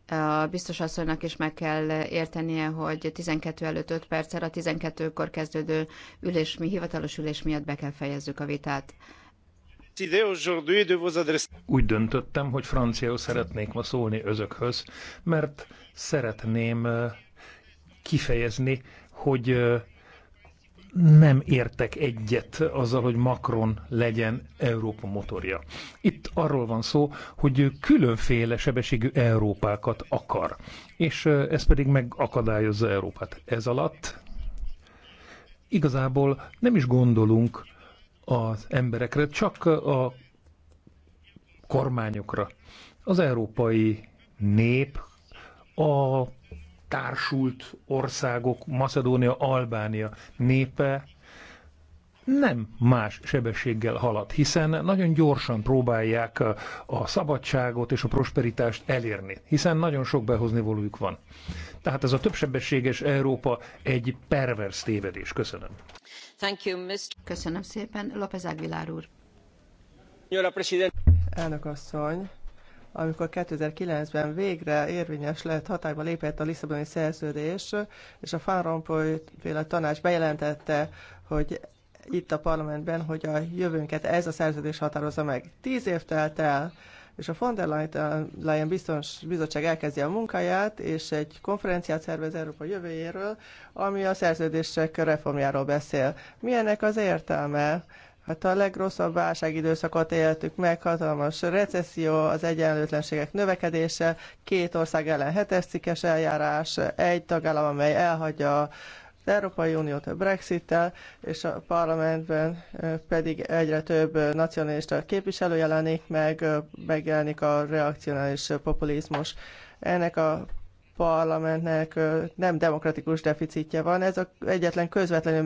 a biztos asszonynak is meg kell értenie, hogy 12 előtt 5 perccel a 12-kor kezdődő ülés, mi hivatalos ülés miatt be kell fejezzük a vitát. Úgy döntöttem, hogy franciául szeretnék ma szólni özökhöz, mert szeretném eh, kifejezni, hogy eh, nem értek egyet azzal, hogy Macron legyen Európa motorja. Itt arról van szó, hogy ő különféle sebességű Európákat akar, és ez pedig megakadályozza Európát. Ez alatt igazából nem is gondolunk az emberekre, csak a kormányokra. Az európai nép a társult országok, Macedónia, Albánia népe nem más sebességgel halad, hiszen nagyon gyorsan próbálják a szabadságot és a prosperitást elérni, hiszen nagyon sok behozni valójuk van. Tehát ez a többsebességes Európa egy pervers tévedés. Köszönöm. Thank you, Mr. Köszönöm szépen, López Aguilar úr. Elnök asszony, amikor 2009-ben végre érvényes lett hatályba lépett a Lisszaboni szerződés, és a Van Rompuy féle tanács bejelentette, hogy itt a parlamentben, hogy a jövőnket ez a szerződés határozza meg. Tíz év telt el, és a von der Leyen biztons, bizottság elkezdi a munkáját, és egy konferenciát szervez Európa jövőjéről, ami a szerződések reformjáról beszél. Milyennek az értelme? Hát a legrosszabb válságidőszakot éltük meg, hatalmas recesszió, az egyenlőtlenségek növekedése, két ország ellen hetes cikkes eljárás, egy tagállam, amely elhagyja az Európai Uniót a Brexit-tel, és a parlamentben pedig egyre több nacionalista képviselő jelenik meg, megjelenik a reakcionális populizmus. Ennek a parlamentnek nem demokratikus deficitje van, ez az egyetlen közvetlenül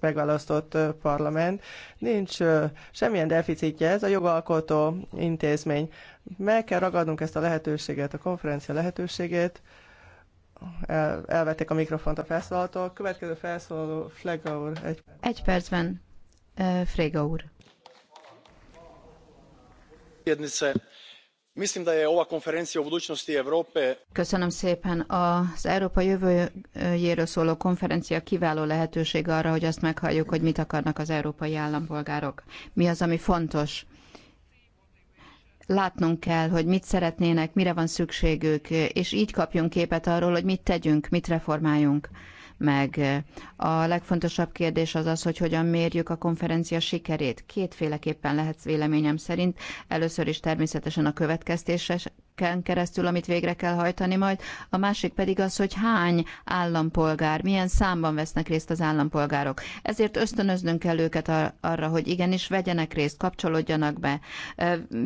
megválasztott parlament. Nincs semmilyen deficitje, ez a jogalkotó intézmény. Meg kell ragadnunk ezt a lehetőséget, a konferencia lehetőségét. El, elvették a mikrofont a felszólaltól. Következő felszólaló Flega úr. Egy, egy percben, Frega úr. Mislim da je ova konferencija o budućnosti Köszönöm szépen. Az Európa jövőjéről szóló konferencia kiváló lehetőség arra, hogy azt meghalljuk, hogy mit akarnak az európai állampolgárok. Mi az, ami fontos látnunk kell, hogy mit szeretnének, mire van szükségük, és így kapjunk képet arról, hogy mit tegyünk, mit reformáljunk meg. A legfontosabb kérdés az az, hogy hogyan mérjük a konferencia sikerét. Kétféleképpen lehet véleményem szerint. Először is természetesen a következtéseken keresztül, amit végre kell hajtani majd. A másik pedig az, hogy hány állampolgár, milyen számban vesznek részt az állampolgárok. Ezért ösztönöznünk kell őket arra, hogy igenis vegyenek részt, kapcsolódjanak be.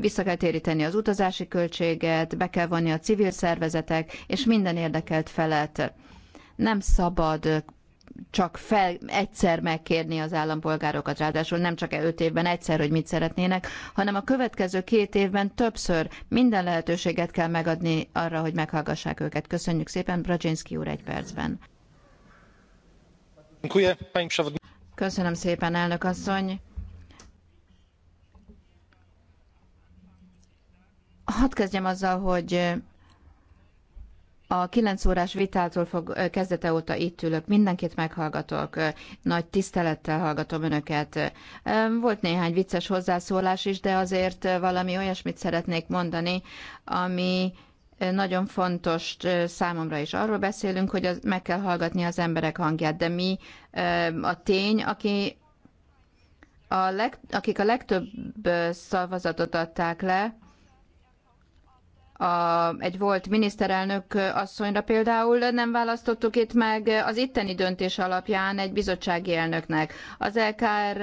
Vissza kell téríteni az utazási költséget, be kell vonni a civil szervezetek és minden érdekelt felett nem szabad csak fel, egyszer megkérni az állampolgárokat, ráadásul nem csak e öt évben egyszer, hogy mit szeretnének, hanem a következő két évben többször minden lehetőséget kell megadni arra, hogy meghallgassák őket. Köszönjük szépen, Brzezinski úr egy percben. Köszönöm szépen, elnök asszony. Hadd kezdjem azzal, hogy a kilenc órás vitától fog, kezdete óta itt ülök, mindenkit meghallgatok, nagy tisztelettel hallgatom önöket. Volt néhány vicces hozzászólás is, de azért valami olyasmit szeretnék mondani, ami nagyon fontos számomra is. Arról beszélünk, hogy az, meg kell hallgatni az emberek hangját, de mi a tény, aki a leg, akik a legtöbb szavazatot adták le, a, egy volt miniszterelnök asszonyra például nem választottuk itt meg az itteni döntés alapján egy bizottsági elnöknek. Az LKR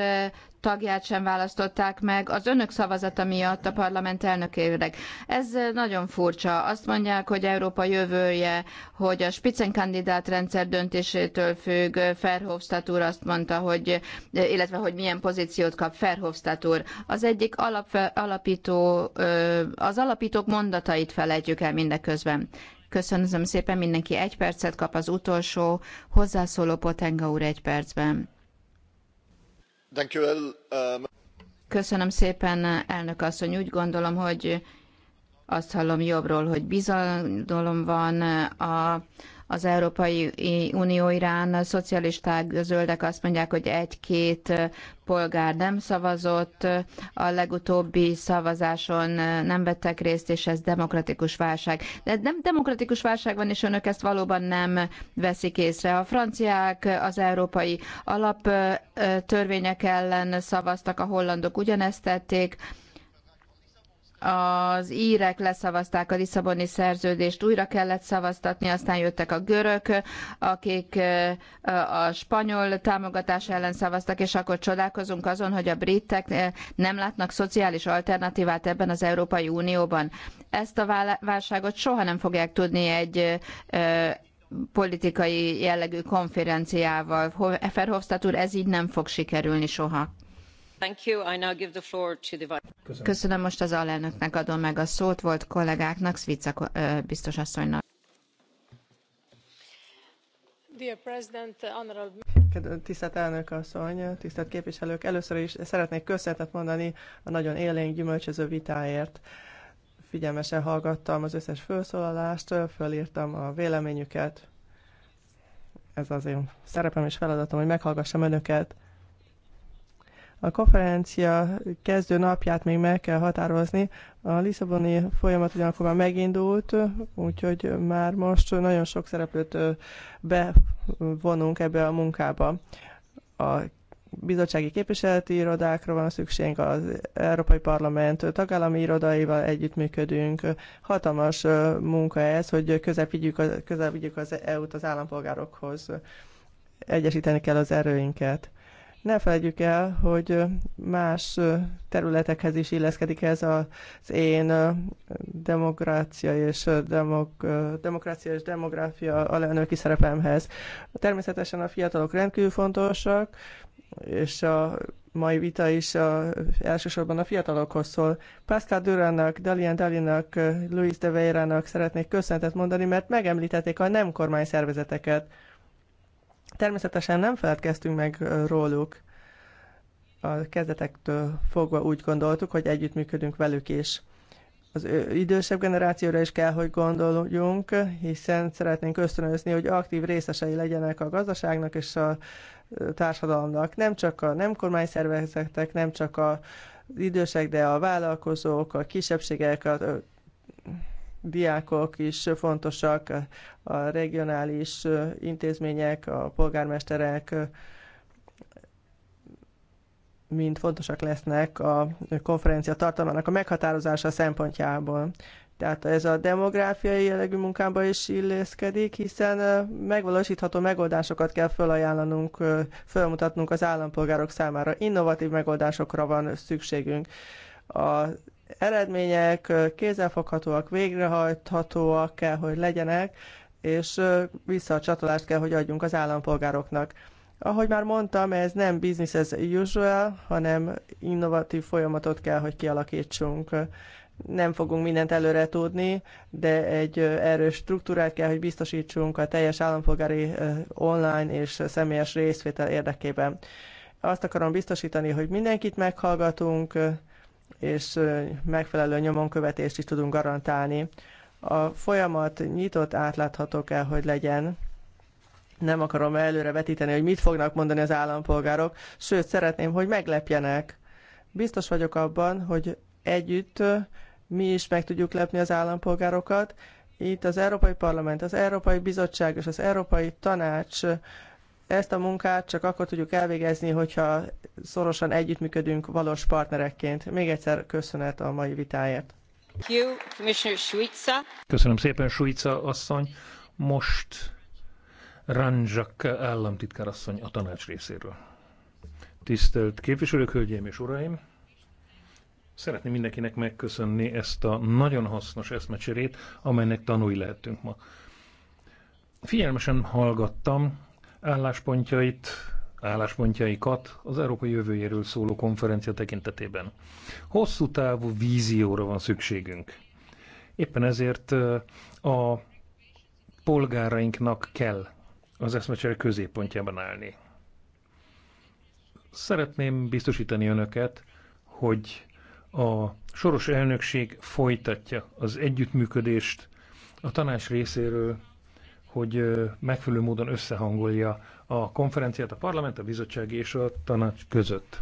tagját sem választották meg az önök szavazata miatt a parlament elnökének. Ez nagyon furcsa. Azt mondják, hogy Európa jövője, hogy a spitzenkandidát rendszer döntésétől függ. Ferhofstadt úr azt mondta, hogy, illetve hogy milyen pozíciót kap Ferhofstadt úr. Az egyik alap, alapító, az alapítók mondatait felejtjük el mindeközben. Köszönöm szépen, mindenki egy percet kap az utolsó hozzászóló Potenga úr egy percben. Um, Köszönöm szépen, elnök asszony. Úgy gondolom, hogy azt hallom jobbról, hogy bizalom van a az Európai Unió irán. A szocialisták, a zöldek azt mondják, hogy egy-két polgár nem szavazott, a legutóbbi szavazáson nem vettek részt, és ez demokratikus válság. De nem demokratikus válság van, és önök ezt valóban nem veszik észre. A franciák az európai alaptörvények ellen szavaztak, a hollandok ugyanezt tették, az írek leszavazták a Lisszaboni szerződést, újra kellett szavaztatni, aztán jöttek a görög, akik a spanyol támogatás ellen szavaztak, és akkor csodálkozunk azon, hogy a britek nem látnak szociális alternatívát ebben az Európai Unióban. Ezt a válságot soha nem fogják tudni egy politikai jellegű konferenciával. Verhofstadt úr, ez így nem fog sikerülni soha. Köszönöm, most az alelnöknek adom meg a szót, volt kollégáknak, Svica biztos asszonynak. Tisztelt elnök asszony, tisztelt képviselők, először is szeretnék köszönetet mondani a nagyon élénk gyümölcsöző vitáért. Figyelmesen hallgattam az összes felszólalást, fölírtam a véleményüket. Ez az én szerepem és feladatom, hogy meghallgassam önöket. A konferencia kezdő napját még meg kell határozni. A Lisszaboni folyamat ugyanakkor már megindult, úgyhogy már most nagyon sok szereplőt bevonunk ebbe a munkába. A bizottsági képviseleti irodákra van szükségünk, az Európai Parlament tagállami irodaival együttműködünk. Hatalmas munka ez, hogy közel vigyük, az, közel vigyük az EU-t az állampolgárokhoz. Egyesíteni kell az erőinket. Ne felejtjük el, hogy más területekhez is illeszkedik ez az én demokrácia és, demok, demokrácia és demográfia alelnöki szerepemhez. Természetesen a fiatalok rendkívül fontosak, és a mai vita is a, elsősorban a fiatalokhoz szól. Pascal Durannak, Dalian Dalinak, Luis de Veyranak szeretnék köszöntet mondani, mert megemlítették a nem kormány szervezeteket. Természetesen nem feledkeztünk meg róluk. A kezdetektől fogva úgy gondoltuk, hogy együttműködünk velük is. Az idősebb generációra is kell, hogy gondoljunk, hiszen szeretnénk ösztönözni, hogy aktív részesei legyenek a gazdaságnak és a társadalomnak. Nem csak a nem szervezetek, nem csak az idősek, de a vállalkozók, a kisebbségek, a diákok is fontosak, a regionális intézmények, a polgármesterek mind fontosak lesznek a konferencia tartalmának a meghatározása szempontjából. Tehát ez a demográfiai jellegű munkába is illeszkedik, hiszen megvalósítható megoldásokat kell felajánlanunk, felmutatnunk az állampolgárok számára. Innovatív megoldásokra van szükségünk. A eredmények kézzelfoghatóak, végrehajthatóak kell, hogy legyenek, és vissza csatolást kell, hogy adjunk az állampolgároknak. Ahogy már mondtam, ez nem business as usual, hanem innovatív folyamatot kell, hogy kialakítsunk. Nem fogunk mindent előre tudni, de egy erős struktúrát kell, hogy biztosítsunk a teljes állampolgári online és személyes részvétel érdekében. Azt akarom biztosítani, hogy mindenkit meghallgatunk, és megfelelő nyomonkövetést is tudunk garantálni. A folyamat nyitott, átlátható kell, hogy legyen. Nem akarom előre vetíteni, hogy mit fognak mondani az állampolgárok, sőt, szeretném, hogy meglepjenek. Biztos vagyok abban, hogy együtt mi is meg tudjuk lepni az állampolgárokat. Itt az Európai Parlament, az Európai Bizottság és az Európai Tanács ezt a munkát csak akkor tudjuk elvégezni, hogyha szorosan együttműködünk valós partnerekként. Még egyszer köszönet a mai vitáért. Köszönöm szépen, Suica asszony. Most Ranjak államtitkár asszony a tanács részéről. Tisztelt képviselők, hölgyeim és uraim! Szeretném mindenkinek megköszönni ezt a nagyon hasznos eszmecserét, amelynek tanúi lehetünk ma. Figyelmesen hallgattam álláspontjait, álláspontjaikat az Európai jövőjéről szóló konferencia tekintetében. Hosszú távú vízióra van szükségünk. Éppen ezért a polgárainknak kell az eszmecsere középpontjában állni. Szeretném biztosítani önöket, hogy a soros elnökség folytatja az együttműködést a tanács részéről hogy megfelelő módon összehangolja a konferenciát a parlament, a bizottság és a tanács között.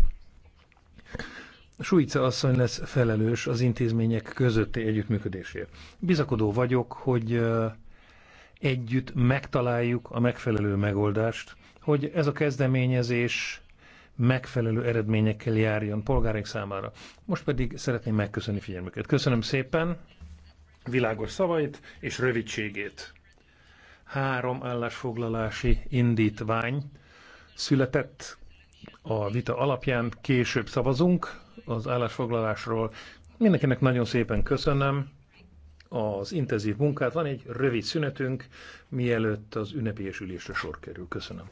Suica asszony lesz felelős az intézmények közötti együttműködésért. Bizakodó vagyok, hogy együtt megtaláljuk a megfelelő megoldást, hogy ez a kezdeményezés megfelelő eredményekkel járjon polgáraink számára. Most pedig szeretném megköszönni figyelmüket. Köszönöm szépen világos szavait és rövidségét. Három állásfoglalási indítvány született a vita alapján. Később szavazunk az állásfoglalásról. Mindenkinek nagyon szépen köszönöm az intenzív munkát. Van egy rövid szünetünk, mielőtt az ünnepélyes ülésre sor kerül. Köszönöm.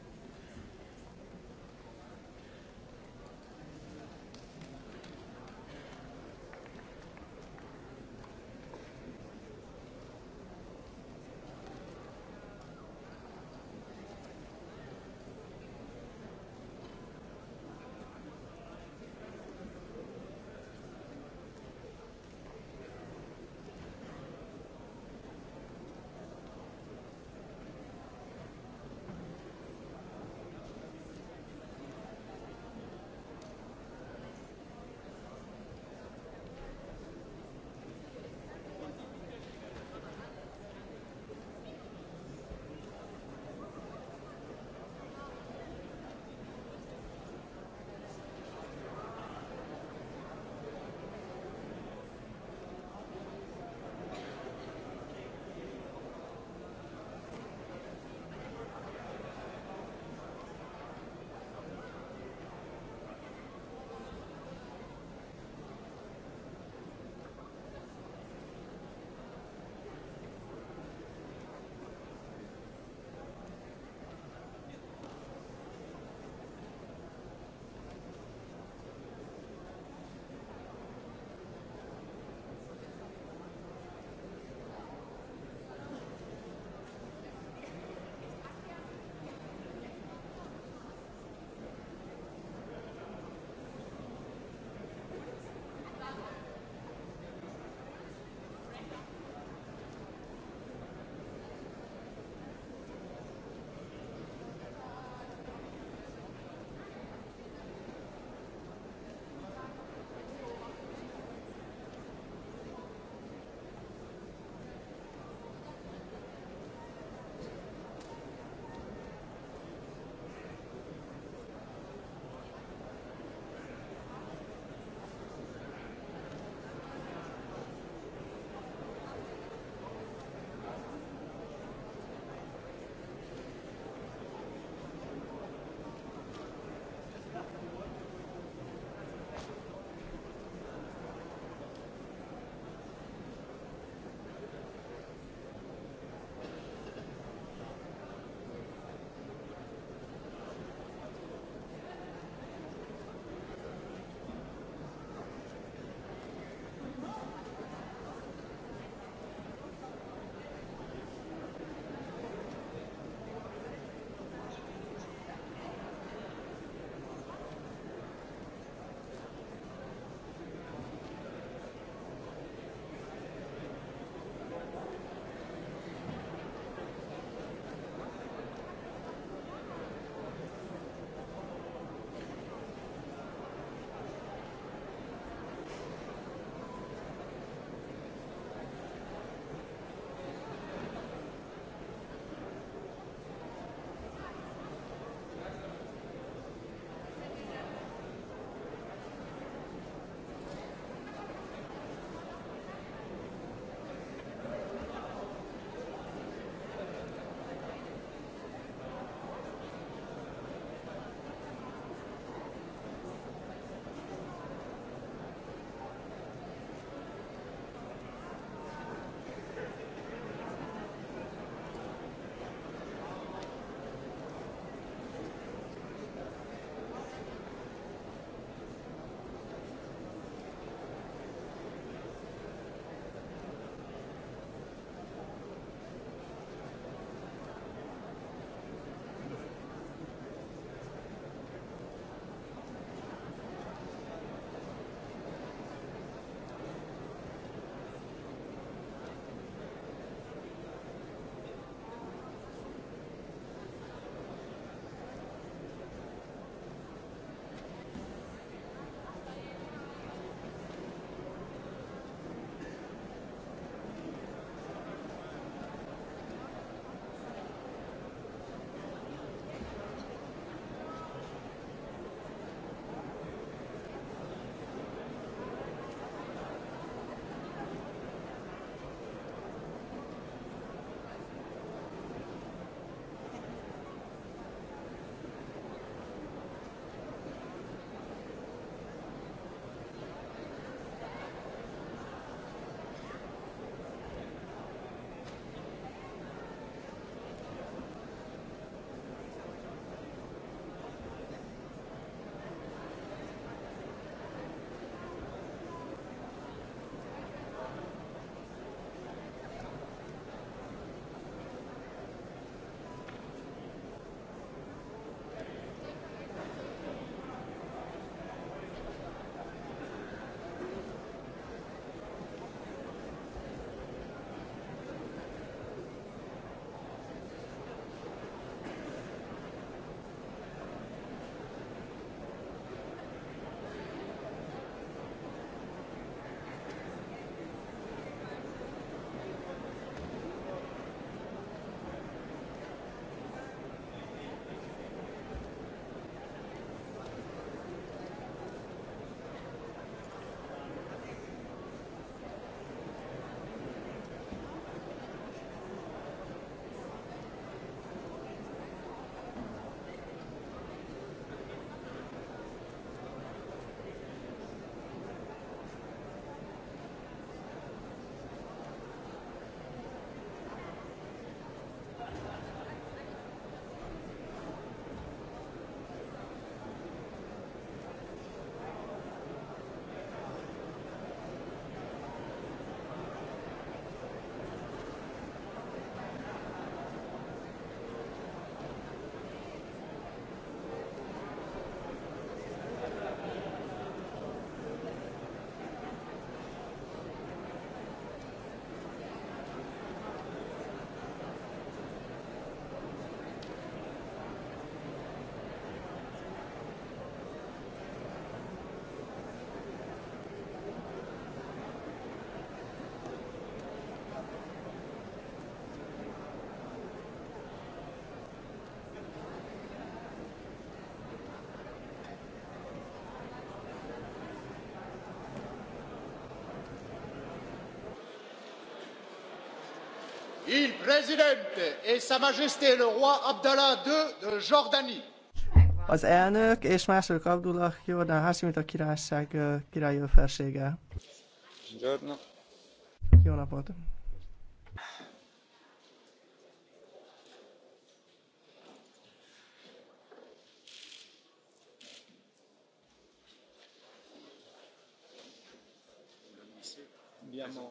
Il Presidente e Sa Majesté le Roi Abdallah II de Jordanie. Az elnök és második Abdullah Jordán a királyság királyő felsége. Jó napot! Abbiamo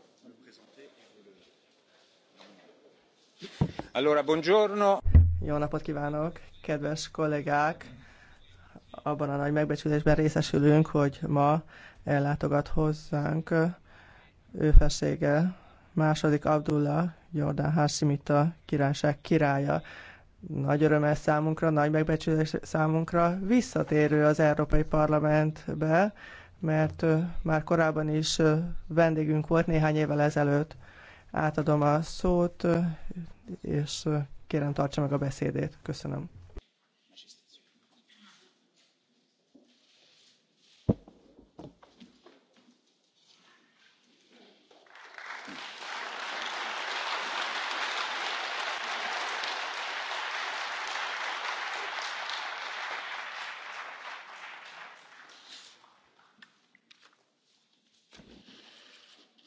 Allora, buongiorno. Jó napot kívánok, kedves kollégák! Abban a nagy megbecsülésben részesülünk, hogy ma ellátogat hozzánk ő felsége, második Abdullah, Jordán Hashimita királyság királya. Nagy öröm számunkra, nagy megbecsülés számunkra visszatérő az Európai Parlamentbe, mert már korábban is vendégünk volt néhány évvel ezelőtt. Átadom a szót, és kérem tartsa meg a beszédét. Köszönöm.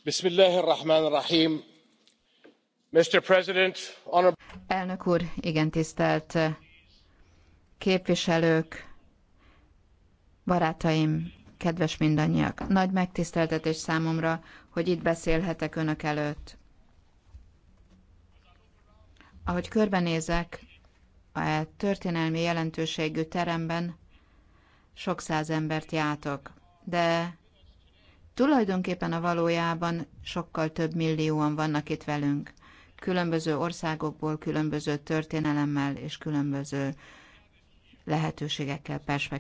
بسم الله الرحمن الرحيم Elnök úr, igen tisztelt képviselők, barátaim, kedves mindannyiak. Nagy megtiszteltetés számomra, hogy itt beszélhetek önök előtt. Ahogy körbenézek, a történelmi jelentőségű teremben sok száz embert játok, de tulajdonképpen a valójában sokkal több millióan vannak itt velünk különböző országokból, különböző történelemmel és különböző lehetőségekkel, perspektívával.